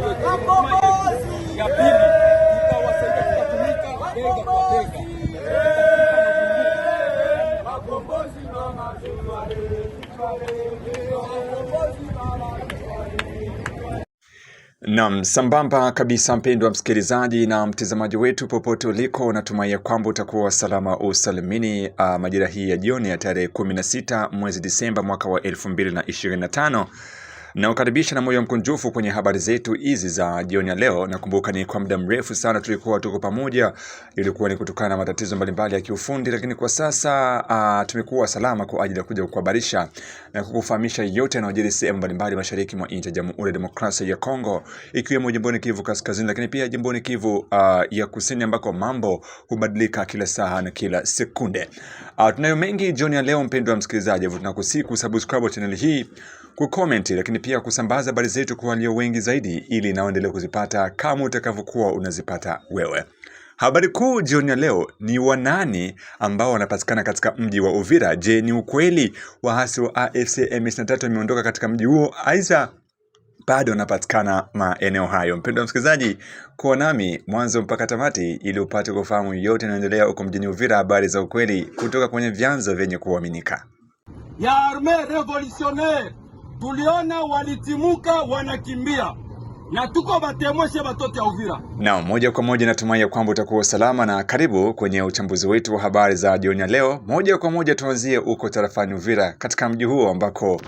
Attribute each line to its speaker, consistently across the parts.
Speaker 1: nam ya pili itawasaidia bega kwa bega sambamba kabisa mpendwa msikilizaji na mtazamaji wetu popote uliko, natumai kwamba utakuwa salama usalimini ah, majira hii ya jioni ya tarehe 16 mwezi Disemba mwaka wa 2025. Nawakaribisha na moyo mkunjufu kwenye habari zetu hizi za jioni ya leo. Nakumbuka ni kwa muda mrefu sana tulikuwa tuko pamoja, ilikuwa ni kutokana na matatizo mbalimbali ya kiufundi, lakini kwa sasa uh, tumekuwa salama kwa ajili ya kuja kukuhabarisha na kukufahamisha yote yanayojiri sehemu mbalimbali mashariki mwa nchi ya Jamhuri ya Demokrasia ya Kongo, ikiwemo jimboni Kivu Kaskazini, lakini pia jimboni Kivu uh, ya Kusini, ambako mambo hubadilika kila saa na kila sekunde. Uh, tunayo mengi jioni ya leo, mpendwa msikilizaji, tunakusihi kusubscribe channel hii kukomenti, lakini pia kusambaza habari zetu kwa walio wengi zaidi, ili naoendelea kuzipata kama utakavyokuwa unazipata wewe. Habari kuu jioni ya leo ni wanani ambao wanapatikana katika mji wa Uvira. Je, ni ukweli waasi wa AFC M23 wameondoka katika mji huo? Aidha, bado wanapatikana maeneo hayo. Mpendwa msikilizaji, kuwa nami mwanzo mpaka tamati ili upate kufahamu yote yanayoendelea huko mjini Uvira, habari za ukweli kutoka kwenye vyanzo vyenye kuaminika.
Speaker 2: ya arme revolutionnaire tuliona walitimuka wanakimbia na tuko batemweshe batoto ya Uvira.
Speaker 1: Na moja kwa moja natumai ya kwamba utakuwa salama na karibu kwenye uchambuzi wetu wa habari za jioni ya leo. Moja kwa moja tuanzie huko tarafani Uvira, katika mji huo ambako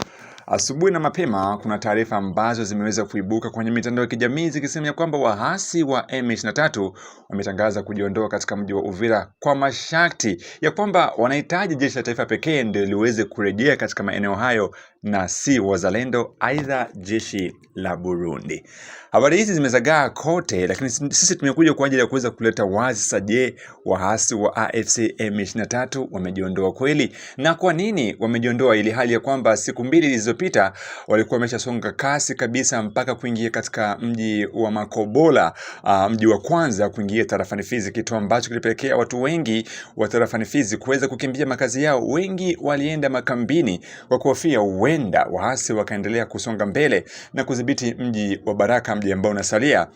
Speaker 1: asubuhi na mapema kuna taarifa ambazo zimeweza kuibuka kwenye mitandao ya kijamii zikisema kwamba waasi wa M23 wametangaza kujiondoa katika mji wa Uvira kwa masharti ya kwamba wanahitaji jeshi la taifa pekee ndio liweze kurejea katika maeneo hayo na si wazalendo, aidha jeshi la Burundi. Habari hizi zimezagaa kote, lakini sisi tumekuja kwa ajili ya kuweza kuleta wazi sasa. Je, waasi wa AFC M23 wamejiondoa kweli? Na kwa nini wamejiondoa, ili hali ya kwamba siku mbili zilizopita walikuwa wameshasonga kasi kabisa mpaka kuingia katika mji wa Makobola, uh, mji wa kwanza kuingia tarafani Fizi, kitu ambacho kilipelekea watu wengi wa tarafani Fizi kuweza kukimbia makazi yao. Wengi walienda makambini kwa kuhofia huenda waasi wakaendelea kusonga mbele na kudhibiti mji wa Baraka, mji ambao unasalia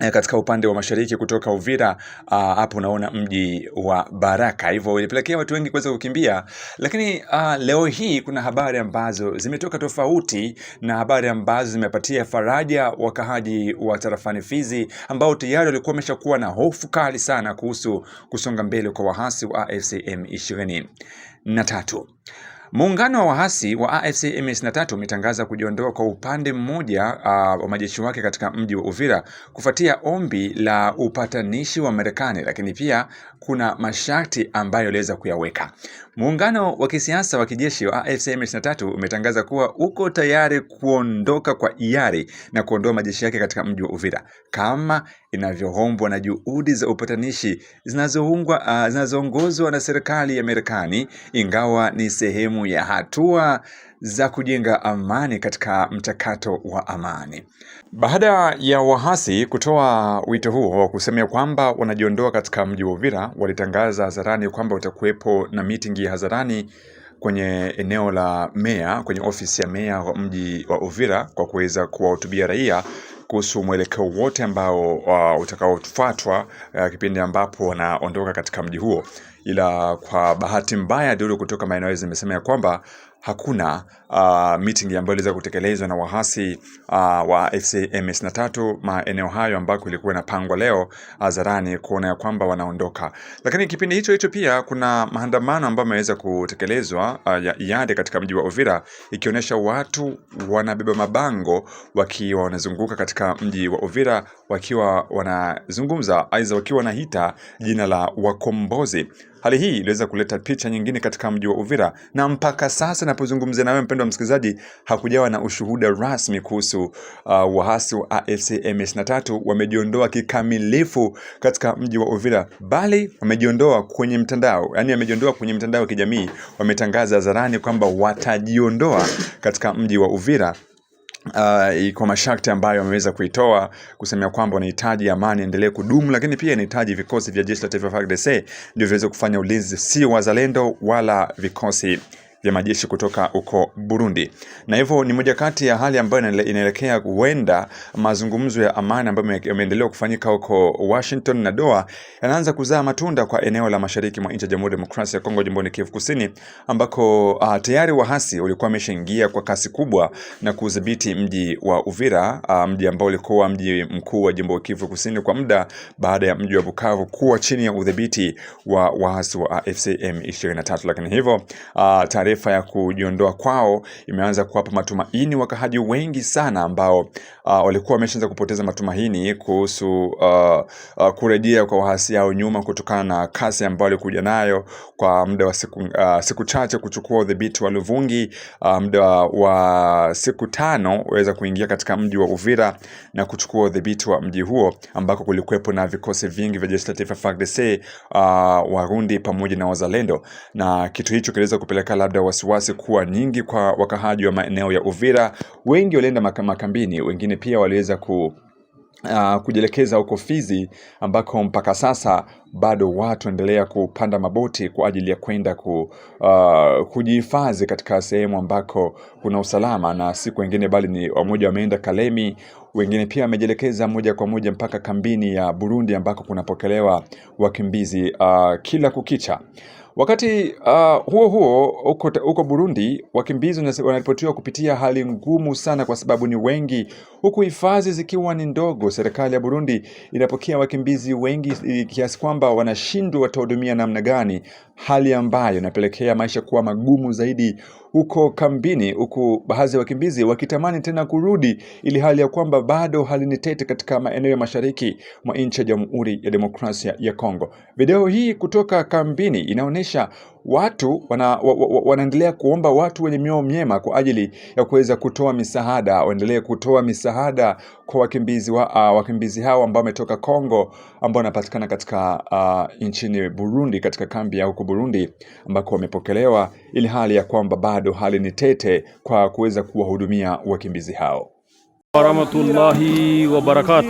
Speaker 1: eh, katika upande wa mashariki kutoka Uvira ah, hapo, unaona mji wa Baraka, hivyo ilipelekea watu wengi kuweza kukimbia. Lakini uh, leo hii kuna habari ambazo zimetoka tofauti na habari ambazo zimepatia faraja wakahaji wa tarafani Fizi ambao tayari walikuwa wameshakuwa na hofu kali sana kuhusu kusonga mbele kwa wahasi wa AFC m tatu Muungano wa waasi wa AFC M23 umetangaza kujiondoa kwa upande mmoja uh, wa majeshi wake katika mji wa Uvira kufuatia ombi la upatanishi wa Marekani, lakini pia kuna masharti ambayo aliweza kuyaweka. Muungano wa kisiasa wa kijeshi wa AFC M23 umetangaza kuwa uko tayari kuondoka kwa hiari na kuondoa majeshi yake katika mji wa Uvira kama inavyoombwa na juhudi za upatanishi zinazoongozwa ah, zinazoongozwa na serikali ya Marekani, ingawa ni sehemu ya hatua za kujenga amani katika mchakato wa amani. Baada ya wahasi kutoa wito huo wa kusema kwamba wanajiondoa katika mji wa Uvira, walitangaza hadharani kwamba utakuwepo na mitingi ya hadharani kwenye eneo la meya, kwenye ofisi ya meya wa mji wa Uvira kwa kuweza kuwahutubia raia kuhusu mwelekeo wote ambao uh, utakaofuatwa uh, kipindi ambapo wanaondoka katika mji huo, ila kwa bahati mbaya duru kutoka maeneo hayo zimesema ya kwamba hakuna uh, meeting ambayo iliweza kutekelezwa na wahasi uh, wa FC M23 maeneo hayo ambako ilikuwa inapangwa leo hadharani uh, kuona ya kwamba wanaondoka. Lakini kipindi hicho hicho pia kuna maandamano ambayo yameweza kutekelezwa uh, ya iade katika mji wa Uvira ikionyesha watu wanabeba mabango wakiwa wanazunguka katika mji wa Uvira wakiwa wanazungumza aidha wakiwa wanahita jina la wakombozi. Hali hii iliweza kuleta picha nyingine katika mji wa Uvira na mpaka sasa napozungumzia nawe mpendwa msikilizaji, hakujawa na ushuhuda rasmi kuhusu uh, waasi wa AFC M23 wamejiondoa kikamilifu katika mji wa Uvira, bali wamejiondoa kwenye mtandao, yani wamejiondoa kwenye mtandao wa kijamii. Wametangaza hadharani kwamba watajiondoa katika mji wa Uvira. Uh, kwa masharti ambayo wameweza kuitoa kusemea kwamba wanahitaji amani endelee kudumu, lakini pia inahitaji vikosi vya jeshi la taifa FARDC ndio viweze kufanya ulinzi, si wazalendo wala vikosi vya majeshi kutoka huko Burundi, na hivyo ni moja kati ya hali ambayo inaelekea huenda mazungumzo ya amani ambayo yameendelea kufanyika huko Washington na Doha yanaanza kuzaa matunda kwa eneo la mashariki mwa nchi ya Jamhuri ya Demokrasia ya Kongo, jimboni Kivu Kusini, ambako uh, tayari wahasi walikuwa wameshaingia kwa kasi kubwa na kudhibiti mji wa Uvira, uh, mji ambao ulikuwa mji mkuu wa jimbo Kivu Kusini kwa muda baada ya mji wa Bukavu kuwa chini ya udhibiti wa wahasi wa AFC M23, lakini hivyo uh, taarifa ya kujiondoa kwao imeanza kuwapa matumaini wakahaji wengi sana ambao uh, walikuwa wameshaanza kupoteza matumaini kuhusu uh, uh, kurejea kwa waasi hao nyuma kutokana na kasi ambayo walikuja nayo kwa muda wa siku, uh, siku chache kuchukua udhibiti wa Luvungi uh, muda wa siku tano waweza kuingia katika mji wa Uvira na kuchukua udhibiti wa mji huo ambako kulikuwepo na vikosi vingi vya jeshi la taifa FARDC, uh, Warundi pamoja na wazalendo, na kitu hicho kiliweza kupeleka labda wasiwasi kuwa nyingi kwa wakahaji wa maeneo ya Uvira. Wengi walienda makambini, wengine lakini pia waliweza ku Uh, kujielekeza huko Fizi ambako mpaka sasa bado watu endelea kupanda maboti kwa ajili ya kwenda ku, uh, kujihifadhi katika sehemu ambako kuna usalama, na siku wengine bali ni wamoja wameenda Kalemi, wengine pia wamejielekeza moja kwa moja mpaka kambini ya Burundi ambako kunapokelewa wakimbizi uh, kila kukicha. Wakati uh, huo huo huko Burundi, wakimbizi wanaripotiwa kupitia hali ngumu sana, kwa sababu ni wengi, huku hifadhi zikiwa ni ndogo. Serikali ya Burundi inapokea wakimbizi wengi kiasi kwamba wanashindwa watahudumia namna gani, hali ambayo inapelekea maisha kuwa magumu zaidi huko kambini, huku baadhi ya wakimbizi wakitamani tena kurudi, ili hali ya kwamba bado hali ni tete katika maeneo ya mashariki mwa nchi ya Jamhuri ya Demokrasia ya Kongo. Video hii kutoka kambini inaonyesha watu wana, wa, wa, wanaendelea kuomba watu wenye mioyo myema kwa ajili ya kuweza kutoa misaada, waendelee kutoa misaada kwa wakimbizi wa, uh, wakimbizi hao ambao wametoka Kongo ambao wanapatikana katika uh, nchini Burundi katika kambi ya huko Burundi ambako wamepokelewa, ili hali ya kwamba bado hali ni tete kwa kuweza kuwahudumia wakimbizi hao
Speaker 3: warahmatullahi wabarakatu.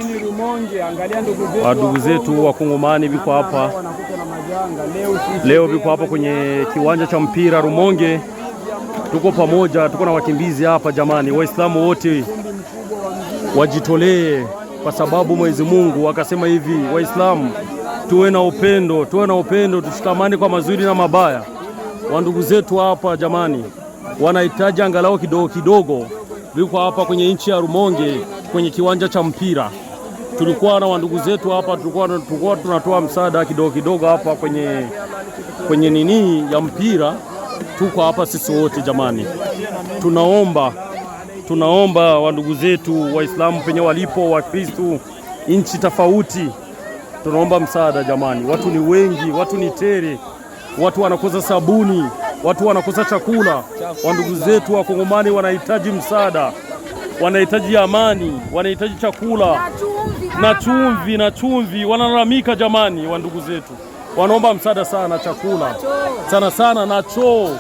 Speaker 3: Ndugu zetu wakongomani viko hapa Leo viko hapa kwenye kiwanja cha mpira Rumonge, tuko pamoja, tuko na wakimbizi hapa. Jamani, Waislamu wote wajitolee, kwa sababu Mwenyezi Mungu akasema hivi, Waislamu tuwe na upendo, tuwe na upendo, tushikamane kwa mazuri na mabaya. Wandugu zetu hapa jamani, wanahitaji angalau kidogo kidogo, viko hapa kwenye nchi ya Rumonge kwenye kiwanja cha mpira tulikuwa na wandugu zetu hapa, tulikuwa tunatoa msaada kidogo kidogo hapa kwenye kwenye nini ya mpira. Tuko hapa sisi wote jamani, tunaomba tunaomba wandugu zetu Waislamu penye walipo, Wakristu nchi tofauti, tunaomba msaada jamani. Watu ni wengi, watu ni tere, watu wanakosa sabuni, watu wanakosa chakula. Wandugu zetu Wakongomani wanahitaji msaada, wanahitaji amani, wanahitaji chakula na chumvi na chumvi, wanalalamika jamani, wa ndugu zetu wanaomba msaada sana, chakula sana sana na choo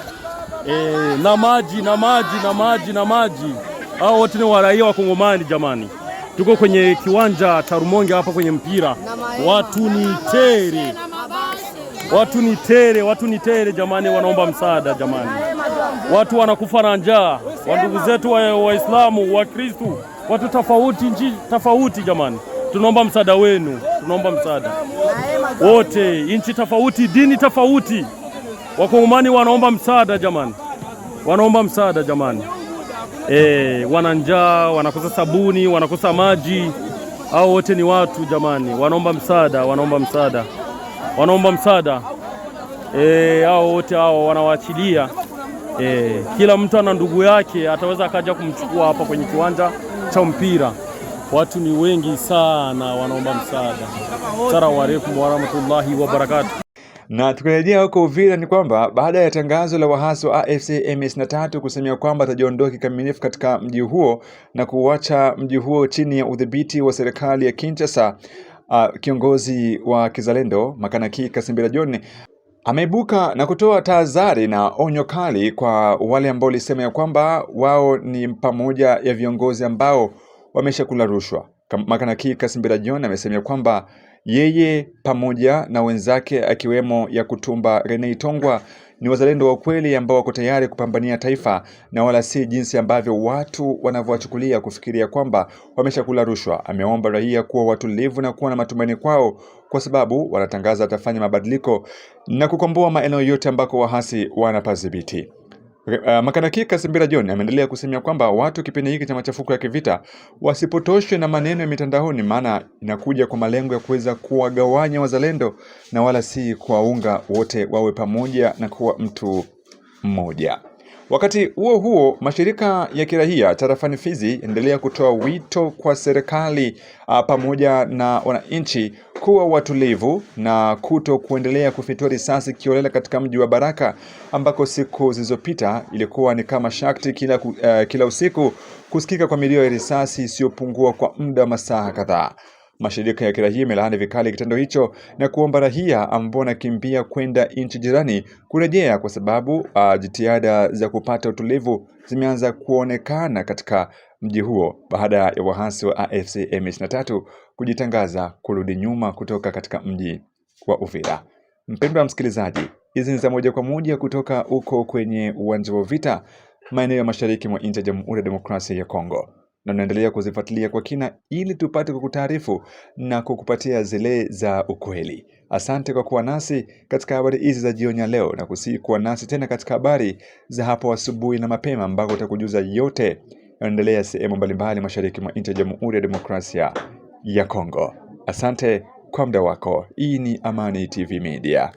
Speaker 3: e, na maji na maji na maji na maji. Hao wote ni waraia wa Kongomani jamani, tuko kwenye kiwanja cha Rumonge hapa kwenye mpira, watu ni tere, watu ni tere, watu ni tere jamani, wanaomba msaada jamani, watu wanakufa na njaa, wa ndugu zetu Waislamu wa Wakristu watu tofauti, nchi tofauti. Jamani, tunaomba msaada wenu, tunaomba msaada wote, nchi tofauti, dini tofauti, wakongomani wanaomba msaada jamani, wanaomba msaada jamani. E, wana njaa, wanakosa sabuni, wanakosa maji. au wote ni watu jamani, wanaomba msaada, wanaomba msaada, wanaomba msaada. E, hao wote hao wanawaachilia. E, kila mtu ana ndugu yake ataweza akaja kumchukua hapa kwenye kiwanja cha mpira. Watu ni wengi sana wanaomba msaada. Assalamu alaykum wa barakatuh.
Speaker 1: Na tukirejea huko Uvira ni kwamba baada ya tangazo la waasi wa AFC M23 kusemea kwamba atajiondoa kikamilifu katika mji huo na kuacha mji huo chini ya udhibiti wa serikali ya Kinshasa, uh, kiongozi wa kizalendo Makanaki Kasimbira John ameibuka na kutoa tahadhari na onyo kali kwa wale ambao walisema ya kwamba wao ni pamoja ya viongozi ambao wameshakula rushwa. Makanaki Kasimbira John amesema kwamba yeye pamoja na wenzake akiwemo ya kutumba Rene tongwa ni wazalendo wa kweli ambao wako tayari kupambania taifa na wala si jinsi ambavyo watu wanavyowachukulia kufikiria kwamba wameshakula rushwa. Ameomba raia kuwa watulivu na kuwa na matumaini kwao kwa sababu wanatangaza watafanya mabadiliko na kukomboa maeneo yote ambako wahasi wanapadhibiti. Uh, eh, Makanaki Kasimbira John ameendelea kusemia kwamba watu kipindi hiki cha machafuko ya kivita wasipotoshwe na maneno ya mitandaoni, maana inakuja kwa malengo ya kuweza kuwagawanya wazalendo na wala si kuwaunga wote wawe pamoja na kuwa mtu mmoja. Wakati huo huo, mashirika ya kiraia tarafani Fizi endelea kutoa wito kwa serikali uh, pamoja na wananchi kuwa watulivu na kuto kuendelea kufitua risasi kiolela katika mji wa Baraka ambako siku zilizopita ilikuwa ni kama shakti kila, uh, kila usiku kusikika kwa milio ya risasi isiyopungua kwa muda wa masaa kadhaa. Mashirika ya kirahia imelaani vikali kitendo hicho na kuomba rahia ambao wanakimbia kwenda nchi jirani kurejea, kwa sababu uh, jitihada za kupata utulivu zimeanza kuonekana katika mji huo baada ya waasi wa AFC M23 kujitangaza kurudi nyuma kutoka katika mji wa Uvira. Mpendwa msikilizaji, hizi ni za moja kwa moja kutoka huko kwenye uwanja wa vita maeneo ya mashariki mwa nchi ya Jamhuri ya Demokrasia ya Kongo na tunaendelea kuzifuatilia kwa kina ili tupate kukutaarifu na kukupatia zile za ukweli. Asante kwa kuwa nasi katika habari hizi za jioni ya leo, na kusii kuwa nasi tena katika habari za hapo asubuhi na mapema, ambako utakujuza yote yanaendelea sehemu mbalimbali mashariki mwa nchi ya Jamhuri ya Demokrasia ya Kongo. Asante kwa muda wako. Hii ni Amani TV Media.